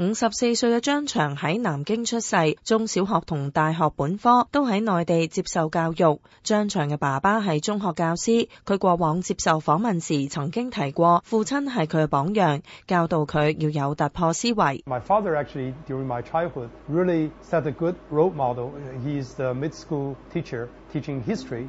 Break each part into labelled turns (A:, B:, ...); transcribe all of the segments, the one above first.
A: 五十四歲嘅張翔喺南京出世，中小學同大學本科都喺內地接受教育。張翔嘅爸爸係中學教師，佢過往接受訪問時曾經提過，父親係佢嘅榜樣，教導佢要有突破思維。
B: My father actually, during my childhood, really set a good role model. He's the mid-school teacher, teaching history.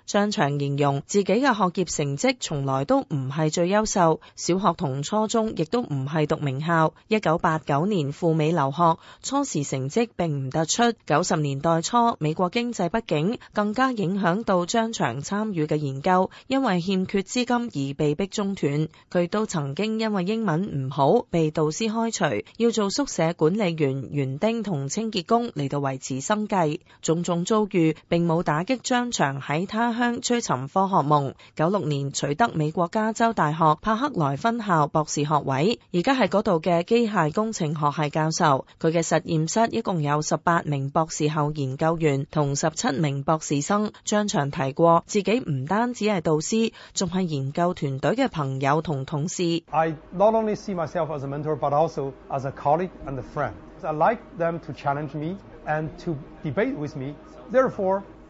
A: 張翔形容自己嘅學業成績從來都唔係最優秀，小學同初中亦都唔係讀名校。一九八九年赴美留學，初時成績並唔突出。九十年代初，美國經濟不景，更加影響到張翔參與嘅研究，因為欠缺資金而被迫中斷。佢都曾經因為英文唔好被導師開除，要做宿舍管理員、園丁同清潔工嚟到維持生計。種種遭遇並冇打擊張翔喺他鄉，追尋科學夢，九六年取得美國加州大學柏克萊分校博士學位，而家係嗰度嘅機械工程學系教授。佢嘅實驗室一共有十八名博士後研究員同十七名博士生。張翔提過自己唔單止係導師，仲係研究團隊嘅朋友同同
B: 事。I not only see myself as a mentor, but also as a colleague and a friend. I like them to challenge me and to debate with me. Therefore,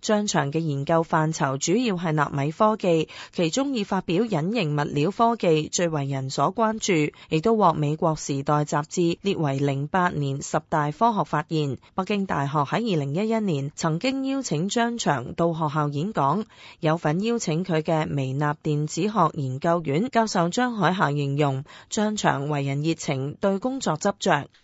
B: 張翔嘅
A: 研究範疇主要係納米科技，其中以發表隱形物料科技最為人所關注，亦都獲美國《時代》雜誌列為零八年十大科學發現。北京大學喺二零一一年曾經邀請張翔到學校演講。有份邀請佢嘅微納電子學研究院教授張海霞形容，張翔為人熱情，對工作執。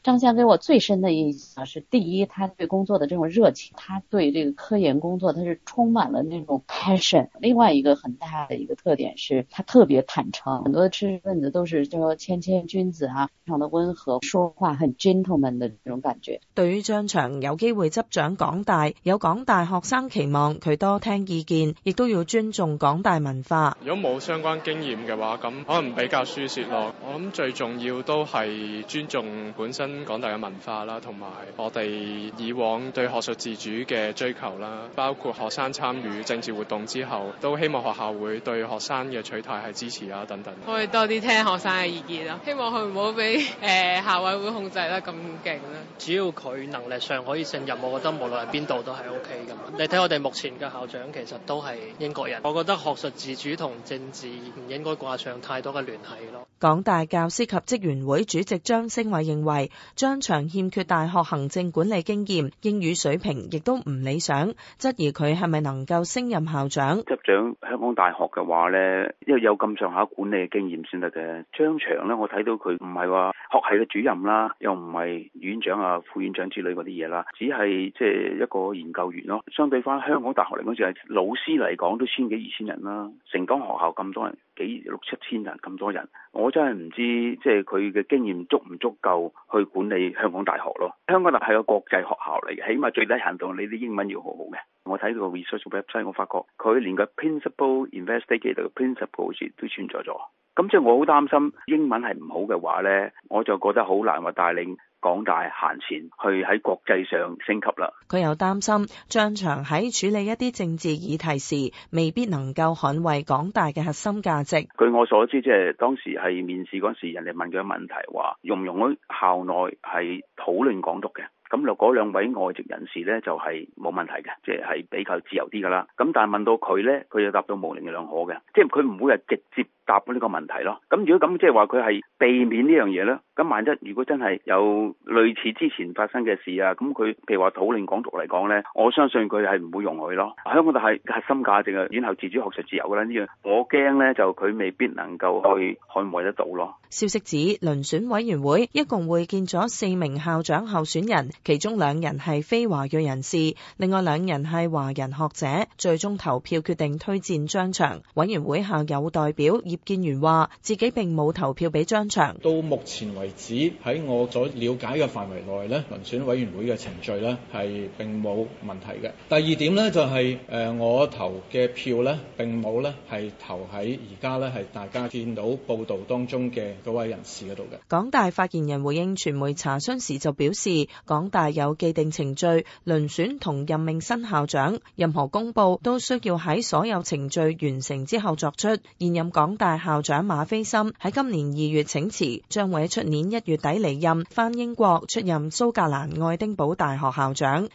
A: 張翔給我最深的印象是，第一，他對工作的這種熱情，他對這個科研工作，他是充滿了那種 passion。另外一個很大的一個特點是，他特別坦誠。很多知識分子都是就千謙謙君子啊，非常的温和，說話很 gentleman 的這種感覺。對於張翔有機會執掌港大，有港大學生期望佢多聽意見，亦都要尊重港大文化。如果冇相關經驗嘅話，咁可能比較輸蝕咯。我諗最重要都係尊重。本身港大嘅文化啦，同埋我哋以往對學術自主嘅追求啦，包括學生參與政治活動之後，都希望學校會對學生嘅取態係支持啊等等。可以多啲聽學生嘅意見啊！希望佢唔好俾誒校委會控制得咁勁啦。只要佢能力上可以勝任，我覺得無論係邊度都係 OK 噶嘛。你睇我哋目前嘅校長其實都係英國人，我覺得學術自主同政治唔應該掛上太多嘅聯繫咯。港大教師及職員會主席張升偉。認為張翔欠缺大學行政管理經驗，英語水平亦都唔理想，質疑佢係咪能夠升任校長。
C: 執掌香港大學嘅話呢，因為有咁上下管理嘅經驗先得嘅。張翔呢，我睇到佢唔係話學系嘅主任啦，又唔係院長啊、副院長之類嗰啲嘢啦，只係即係一個研究員咯。相對翻香港大學嚟講，就係老師嚟講都千幾二千人啦，成功學校咁多人。幾六七千人咁多人，我真係唔知即係佢嘅經驗足唔足夠去管理香港大學咯。香港大學係個國際學校嚟嘅，起碼最低限度你啲英文要好好嘅。我睇到個 resource website，我發覺佢連個 principal investigator 嘅 principal 好似都存在咗。咁即係我好擔心英文係唔好嘅話咧，我就覺得好難話帶領港大行前去喺國際上升級啦。
A: 佢又擔心張翔喺處理一啲政治議題時，未必能夠捍衛港大嘅核心價值。
C: 據我所知，即係當時係面試嗰陣時人哋問佢問題話，容唔容許喺校內係討論港獨嘅？咁就嗰兩位外籍人士咧，就係冇問題嘅，即係比較自由啲噶啦。咁但係問到佢咧，佢就答到模棱兩可嘅，即係佢唔會係直接。答呢個問題咯。咁如果咁即係話佢係避免呢樣嘢咧，咁萬一如果真係有類似之前發生嘅事啊，咁佢譬如話討論港獨嚟講咧，我相信佢係唔會容許咯。香港就係核心價值啊，院校自主、學術自由啦。呢樣我驚咧就佢未必能夠去捍衛得到咯。
A: 消息指，遴選委員會一共會見咗四名校長候選人，其中兩人係非華裔人士，另外兩人係華人學者。最終投票決定推薦張翔。委員會校友代表。葉建源話：自己並冇投票俾張翔。
C: 到目前為止，喺我所了解嘅範圍內咧，遴選委員會嘅程序咧係並冇問題嘅。第二點呢，就係、是、誒，我投嘅票呢，並冇咧係投喺而家咧係大家見到報道當中嘅嗰位人士嗰度嘅。
A: 港大發言人回應傳媒查詢時就表示，港大有既定程序遴選同任命新校長，任何公布都需要喺所有程序完成之後作出。現任港大。大校長馬斐森喺今年二月請辭，將會喺出年一月底離任，返英國出任蘇格蘭愛丁堡大學校長。